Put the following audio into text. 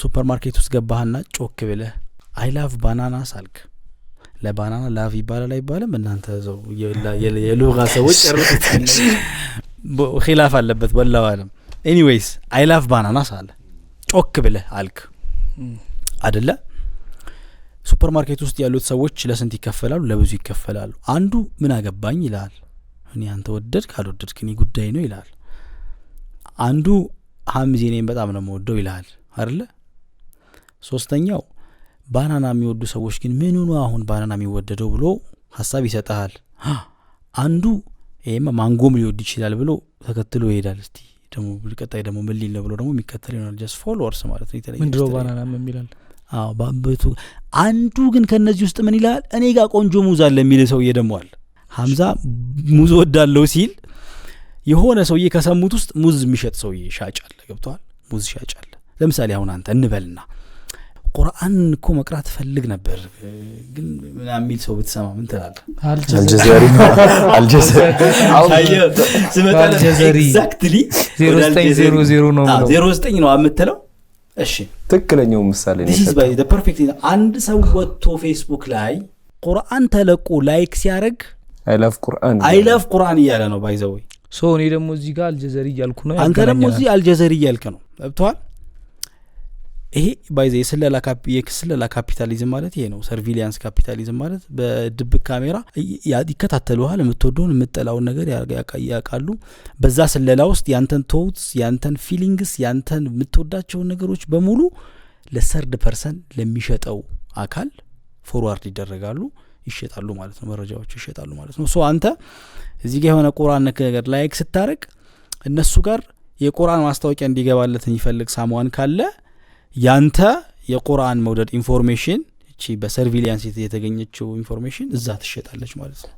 ሱፐር ማርኬት ውስጥ ገባህና ጮክ ብለህ አይ ላቭ ባናናስ አልክ። ለባናና ላቭ ይባላል አይባልም? እናንተ ዘው የሉጋ ሰዎች ኪላፍ አለበት በላው አለም። ኤኒዌይስ አይ ላቭ ባናና ሳለ ጮክ ብለህ አልክ አደለ? ሱፐር ማርኬት ውስጥ ያሉት ሰዎች ለስንት ይከፈላሉ? ለብዙ ይከፈላሉ። አንዱ ምን አገባኝ ይላል። እኔ አንተ ወደድክ አልወደድክ እኔ ጉዳይ ነው ይላል። አንዱ ሀምዜኔን በጣም ነው መወደው ይልሃል አደለ? ሶስተኛው ባናና የሚወዱ ሰዎች ግን ምን ሆኖ አሁን ባናና የሚወደደው ብሎ ሀሳብ ይሰጠሃል። አንዱ ይህም ማንጎም ሊወድ ይችላል ብሎ ተከትሎ ይሄዳል። እስቲ ደግሞ ቀጣይ ደግሞ ምን ሊል ነው ብሎ ደግሞ የሚከተል ይሆናል። ጀስት ፎሎወርስ ማለት ነው። ምንድሮ ባናና የሚላል ባበቱ አንዱ ግን ከእነዚህ ውስጥ ምን ይላል? እኔ ጋር ቆንጆ ሙዝ አለ የሚል ሰውዬ ደግሞ አለ። ሀምዛ ሙዝ ወዳለው ሲል የሆነ ሰውዬ ከሰሙት ውስጥ ሙዝ የሚሸጥ ሰውዬ ሻጭ አለ። ገብተዋል። ሙዝ ሻጭ አለ። ለምሳሌ አሁን አንተ እንበልና ቁርአን እኮ መቅራት ፈልግ ነበር ግን ምናምን የሚል ሰው ብትሰማ ምን ትላለህ? ነው የምትለው። እሺ ትክክለኛው ምሳሌ አንድ ሰው ወጥቶ ፌስቡክ ላይ ቁርአን ተለቆ ላይክ ሲያደርግ አይላፍ ቁርአን አይላፍ ቁርአን እያለ ነው ባይዘወይ። እኔ ደግሞ እዚህ ጋር አልጀዘሪ እያልኩ ነው፣ አንተ ደግሞ እዚህ አልጀዘሪ እያልክ ነው። ገብቶሃል? ይሄ ባይዘ የስለላ ካፒታሊዝም ማለት ይሄ ነው። ሰርቪሊያንስ ካፒታሊዝም ማለት በድብቅ ካሜራ ይከታተሉሃል። የምትወደውን የምጠላውን ነገር ያውቃሉ። በዛ ስለላ ውስጥ ያንተን ቶትስ፣ ያንተን ፊሊንግስ፣ ያንተን የምትወዳቸውን ነገሮች በሙሉ ለሰርድ ፐርሰን ለሚሸጠው አካል ፎርዋርድ ይደረጋሉ፣ ይሸጣሉ ማለት ነው። መረጃዎቹ ይሸጣሉ ማለት ነው። ሶ አንተ እዚህ ጋ የሆነ ቁርአን ነገር ላይክ ስታረቅ እነሱ ጋር የቁርአን ማስታወቂያ እንዲገባለት የሚፈልግ ሳሟን ካለ ያንተ የቁርአን መውደድ ኢንፎርሜሽን እቺ በሰርቪሊያንስ የተገኘችው ኢንፎርሜሽን እዛ ትሸጣለች ማለት ነው።